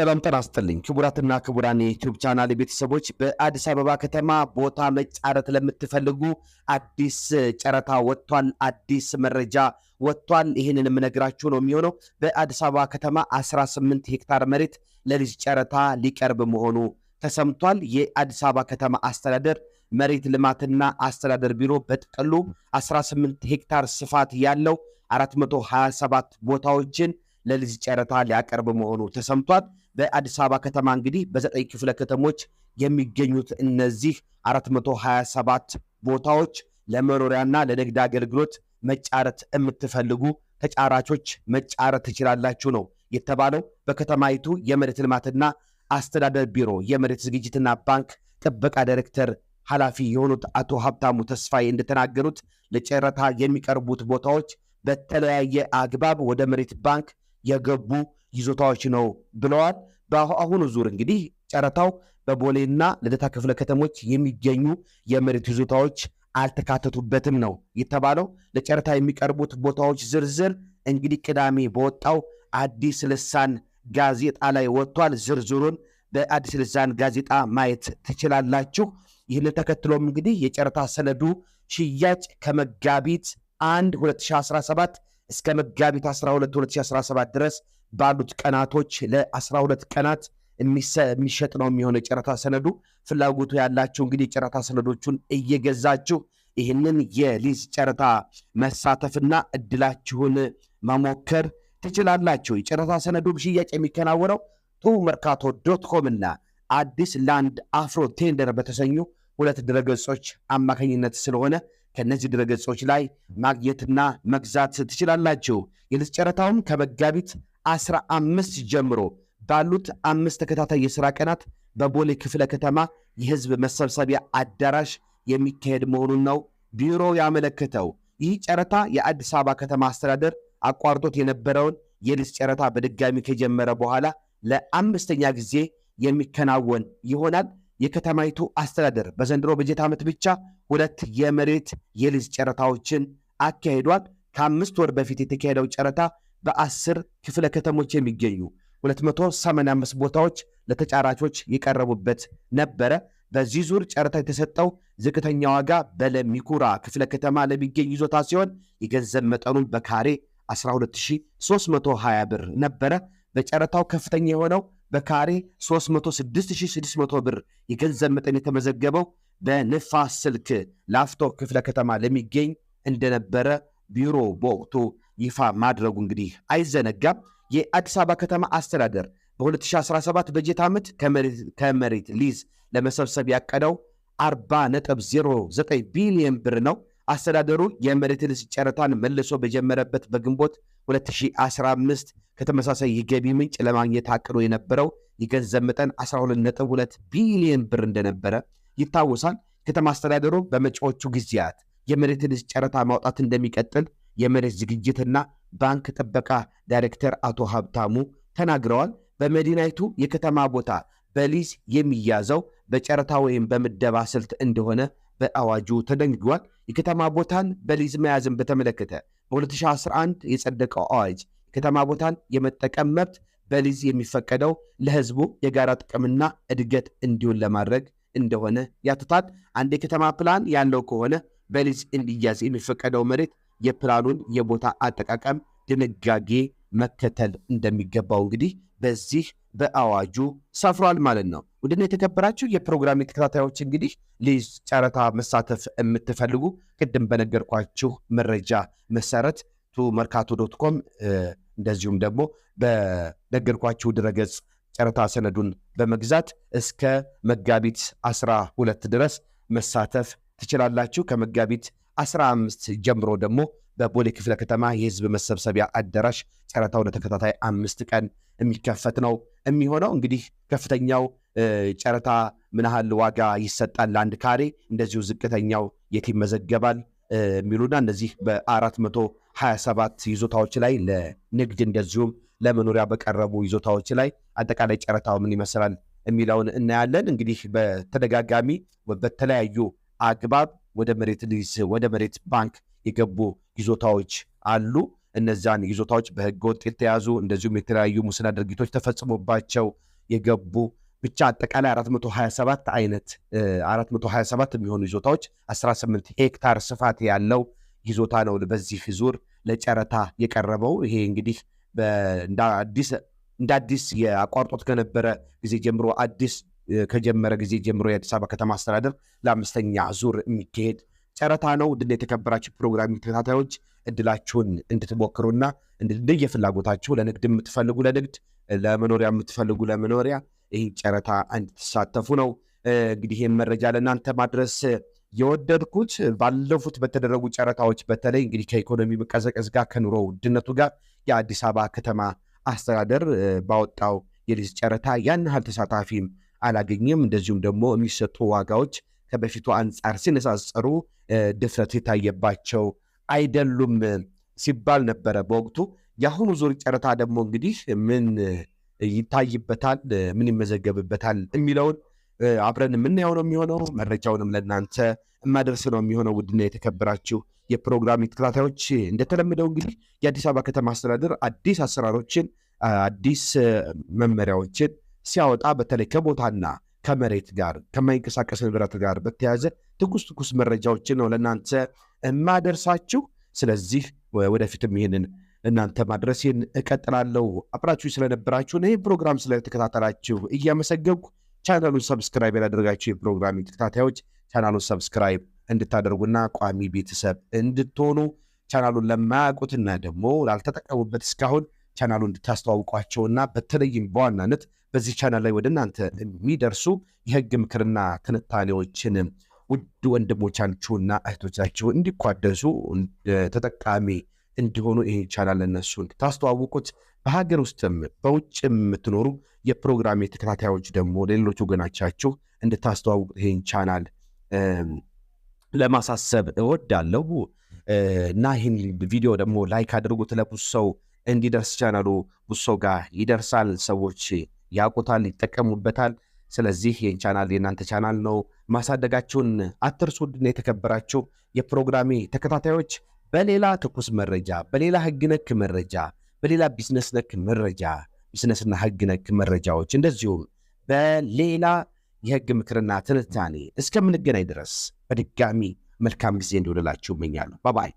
ሰላም ጤና ይስጥልኝ ክቡራትና ክቡራን የዩቲዩብ ቻናል ቤተሰቦች፣ በአዲስ አበባ ከተማ ቦታ መጫረት ለምትፈልጉ አዲስ ጨረታ ወጥቷል። አዲስ መረጃ ወጥቷል። ይህንን የምነግራችሁ ነው የሚሆነው። በአዲስ አበባ ከተማ 18 ሄክታር መሬት ለሊዝ ጨረታ ሊቀርብ መሆኑ ተሰምቷል። የአዲስ አበባ ከተማ አስተዳደር መሬት ልማትና አስተዳደር ቢሮ በጥቅሉ 18 ሄክታር ስፋት ያለው 427 ቦታዎችን ለሊዝ ጨረታ ሊያቀርብ መሆኑ ተሰምቷል። በአዲስ አበባ ከተማ እንግዲህ በዘጠኝ ክፍለ ከተሞች የሚገኙት እነዚህ 427 ቦታዎች ለመኖሪያና ለንግድ አገልግሎት መጫረት የምትፈልጉ ተጫራቾች መጫረት ትችላላችሁ ነው የተባለው በከተማይቱ የመሬት ልማትና አስተዳደር ቢሮ የመሬት ዝግጅትና ባንክ ጥበቃ ዳይሬክተር ኃላፊ የሆኑት አቶ ሀብታሙ ተስፋዬ እንደተናገሩት ለጨረታ የሚቀርቡት ቦታዎች በተለያየ አግባብ ወደ መሬት ባንክ የገቡ ይዞታዎች ነው ብለዋል። በአሁኑ ዙር እንግዲህ ጨረታው በቦሌና ልደታ ክፍለ ከተሞች የሚገኙ የመሬት ይዞታዎች አልተካተቱበትም ነው የተባለው። ለጨረታ የሚቀርቡት ቦታዎች ዝርዝር እንግዲህ ቅዳሜ በወጣው አዲስ ልሳን ጋዜጣ ላይ ወጥቷል። ዝርዝሩን በአዲስ ልሳን ጋዜጣ ማየት ትችላላችሁ። ይህንን ተከትሎም እንግዲህ የጨረታ ሰነዱ ሽያጭ ከመጋቢት 1 2017 እስከ መጋቢት 12 2017 ድረስ ባሉት ቀናቶች ለ12 ቀናት የሚሸጥ ነው የሚሆነው የጨረታ ሰነዱ። ፍላጎቱ ያላቸው እንግዲህ የጨረታ ሰነዶቹን እየገዛችሁ ይህንን የሊዝ ጨረታ መሳተፍና እድላችሁን መሞከር ትችላላችሁ። የጨረታ ሰነዱም ሽያጭ የሚከናወነው ቱ መርካቶ ዶት ኮም እና አዲስ ላንድ አፍሮ ቴንደር በተሰኙ ሁለት ድረገጾች አማካኝነት ስለሆነ ከእነዚህ ድረገጾች ላይ ማግኘትና መግዛት ትችላላችሁ። የሊዝ ጨረታውም ከመጋቢት 15 ጀምሮ ባሉት አምስት ተከታታይ የስራ ቀናት በቦሌ ክፍለ ከተማ የህዝብ መሰብሰቢያ አዳራሽ የሚካሄድ መሆኑን ነው ቢሮ ያመለከተው። ይህ ጨረታ የአዲስ አበባ ከተማ አስተዳደር አቋርጦት የነበረውን የሊዝ ጨረታ በድጋሚ ከጀመረ በኋላ ለአምስተኛ ጊዜ የሚከናወን ይሆናል። የከተማይቱ አስተዳደር በዘንድሮ በጀት ዓመት ብቻ ሁለት የመሬት የሊዝ ጨረታዎችን አካሂዷል። ከአምስት ወር በፊት የተካሄደው ጨረታ በአስር ክፍለ ከተሞች የሚገኙ 285 ቦታዎች ለተጫራቾች የቀረቡበት ነበረ። በዚህ ዙር ጨረታ የተሰጠው ዝቅተኛ ዋጋ በለሚኩራ ክፍለ ከተማ ለሚገኝ ይዞታ ሲሆን የገንዘብ መጠኑም በካሬ 12320 ብር ነበረ። በጨረታው ከፍተኛ የሆነው በካሬ 306600 ብር የገንዘብ መጠን የተመዘገበው በንፋስ ስልክ ላፍቶ ክፍለ ከተማ ለሚገኝ እንደነበረ ቢሮ በወቅቱ ይፋ ማድረጉ እንግዲህ አይዘነጋም። የአዲስ አበባ ከተማ አስተዳደር በ2017 በጀት ዓመት ከመሬት ሊዝ ለመሰብሰብ ያቀደው 409 ቢሊዮን ብር ነው። አስተዳደሩ የመሬት ሊዝ ጨረታን መልሶ በጀመረበት በግንቦት 2015 ከተመሳሳይ የገቢ ምንጭ ለማግኘት አቅዶ የነበረው የገንዘብ መጠን 12.2 ቢሊዮን ብር እንደነበረ ይታወሳል። ከተማ አስተዳደሩ በመጪዎቹ ጊዜያት የመሬት ሊዝ ጨረታ ማውጣት እንደሚቀጥል የመሬት ዝግጅትና ባንክ ጥበቃ ዳይሬክተር አቶ ሀብታሙ ተናግረዋል። በመዲናይቱ የከተማ ቦታ በሊዝ የሚያዘው በጨረታ ወይም በምደባ ስልት እንደሆነ በአዋጁ ተደንግጓል። የከተማ ቦታን በሊዝ መያዝን በተመለከተ በ2011 የጸደቀው አዋጅ የከተማ ቦታን የመጠቀም መብት በሊዝ የሚፈቀደው ለሕዝቡ የጋራ ጥቅምና እድገት እንዲሁን ለማድረግ እንደሆነ ያትታል። አንድ የከተማ ፕላን ያለው ከሆነ በሊዝ እንዲያዝ የሚፈቀደው መሬት የፕላኑን የቦታ አጠቃቀም ድንጋጌ መከተል እንደሚገባው እንግዲህ በዚህ በአዋጁ ሰፍሯል ማለት ነው። ውድና የተከበራችሁ የፕሮግራም ተከታታዮች እንግዲህ ሊዝ ጨረታ መሳተፍ የምትፈልጉ ቅድም በነገርኳችሁ መረጃ መሰረት ቱ መርካቶ ዶት ኮም እንደዚሁም ደግሞ በነገርኳችሁ ድረገጽ ጨረታ ሰነዱን በመግዛት እስከ መጋቢት 12 ድረስ መሳተፍ ትችላላችሁ ከመጋቢት 15 ጀምሮ ደግሞ በቦሌ ክፍለ ከተማ የህዝብ መሰብሰቢያ አዳራሽ ጨረታው ለተከታታይ አምስት ቀን የሚከፈት ነው የሚሆነው። እንግዲህ ከፍተኛው ጨረታ ምን ያህል ዋጋ ይሰጣል ለአንድ ካሬ፣ እንደዚሁ ዝቅተኛው የት ይመዘገባል የሚሉና እነዚህ በ427 ይዞታዎች ላይ ለንግድ እንደዚሁም ለመኖሪያ በቀረቡ ይዞታዎች ላይ አጠቃላይ ጨረታው ምን ይመስላል የሚለውን እናያለን። እንግዲህ በተደጋጋሚ በተለያዩ አግባብ ወደ መሬት ሊዝ ወደ መሬት ባንክ የገቡ ይዞታዎች አሉ። እነዚን ይዞታዎች በህገ ወጥ የተያዙ እንደዚሁም የተለያዩ ሙስና ድርጊቶች ተፈጽሞባቸው የገቡ ብቻ አጠቃላይ 427 አይነት 427 የሚሆኑ ይዞታዎች 18 ሄክታር ስፋት ያለው ይዞታ ነው በዚህ ዙር ለጨረታ የቀረበው። ይሄ እንግዲህ እንደ አዲስ የአቋርጦት ከነበረ ጊዜ ጀምሮ አዲስ ከጀመረ ጊዜ ጀምሮ የአዲስ አበባ ከተማ አስተዳደር ለአምስተኛ ዙር የሚካሄድ ጨረታ ነው። ውድና የተከበራችሁ ፕሮግራም ተከታታዮች እድላችሁን እንድትሞክሩና እንደየፍላጎታችሁ ለንግድ የምትፈልጉ ለንግድ፣ ለመኖሪያ የምትፈልጉ ለመኖሪያ ይህ ጨረታ እንድትሳተፉ ነው። እንግዲህ ይህን መረጃ ለእናንተ ማድረስ የወደድኩት ባለፉት በተደረጉ ጨረታዎች በተለይ እንግዲህ ከኢኮኖሚ መቀዘቀዝ ጋር ከኑሮ ውድነቱ ጋር የአዲስ አበባ ከተማ አስተዳደር ባወጣው የሊዝ ጨረታ ያን ያህል ተሳታፊም አላገኘም። እንደዚሁም ደግሞ የሚሰጡ ዋጋዎች ከበፊቱ አንጻር ሲነጻጸሩ ድፍረት የታየባቸው አይደሉም ሲባል ነበረ በወቅቱ። የአሁኑ ዙር ጨረታ ደግሞ እንግዲህ ምን ይታይበታል፣ ምን ይመዘገብበታል የሚለውን አብረን የምናየው ነው የሚሆነው። መረጃውንም ለእናንተ የማደርስ ነው የሚሆነው። ውድና የተከበራችሁ የፕሮግራም ተከታታዮች እንደተለመደው እንግዲህ የአዲስ አበባ ከተማ አስተዳደር አዲስ አሰራሮችን፣ አዲስ መመሪያዎችን ሲያወጣ በተለይ ከቦታና ከመሬት ጋር ከማይንቀሳቀስ ንብረት ጋር በተያዘ ትኩስ ትኩስ መረጃዎችን ነው ለእናንተ የማደርሳችሁ። ስለዚህ ወደፊትም ይህንን እናንተ ማድረሴን እቀጥላለሁ። አብራችሁ ስለነበራችሁ ይህ ፕሮግራም ስለተከታተላችሁ እያመሰገንኩ ቻናሉን ሰብስክራይብ ያላደረጋችሁ የፕሮግራሚ ተከታታዮች ቻናሉን ሰብስክራይብ እንድታደርጉና ቋሚ ቤተሰብ እንድትሆኑ ቻናሉን ለማያውቁትና ደግሞ ላልተጠቀሙበት እስካሁን ቻናሉን እንድታስተዋውቋቸውና በተለይም በዋናነት በዚህ ቻናል ላይ ወደ እናንተ የሚደርሱ የህግ ምክርና ትንታኔዎችን ውድ ወንድሞቻችሁና እህቶቻችሁ እንዲኳደሱ ተጠቃሚ እንዲሆኑ ይህ ቻናል ለነሱ እንድታስተዋውቁት በሀገር ውስጥም በውጭ የምትኖሩ የፕሮግራም ተከታታዮች ደግሞ ለሌሎች ወገናቻችሁ እንድታስተዋውቁት ይህን ቻናል ለማሳሰብ እወዳለሁ እና ይህን ቪዲዮ ደግሞ ላይክ አድርጉት። ለብዙ ሰው እንዲደርስ ቻናሉ ብዙ ሰው ጋር ይደርሳል ሰዎች ያውቁታል፣ ይጠቀሙበታል። ስለዚህ ይህን ቻናል የእናንተ ቻናል ነው፣ ማሳደጋችሁን አትርሱ። ውድና የተከበራችሁ የፕሮግራሜ ተከታታዮች በሌላ ትኩስ መረጃ፣ በሌላ ህግ ነክ መረጃ፣ በሌላ ቢዝነስ ነክ መረጃ፣ ቢዝነስና ህግ ነክ መረጃዎች እንደዚሁም በሌላ የህግ ምክርና ትንታኔ እስከምንገናኝ ድረስ በድጋሚ መልካም ጊዜ እንዲውልላችሁ እመኛለሁ። ባባይ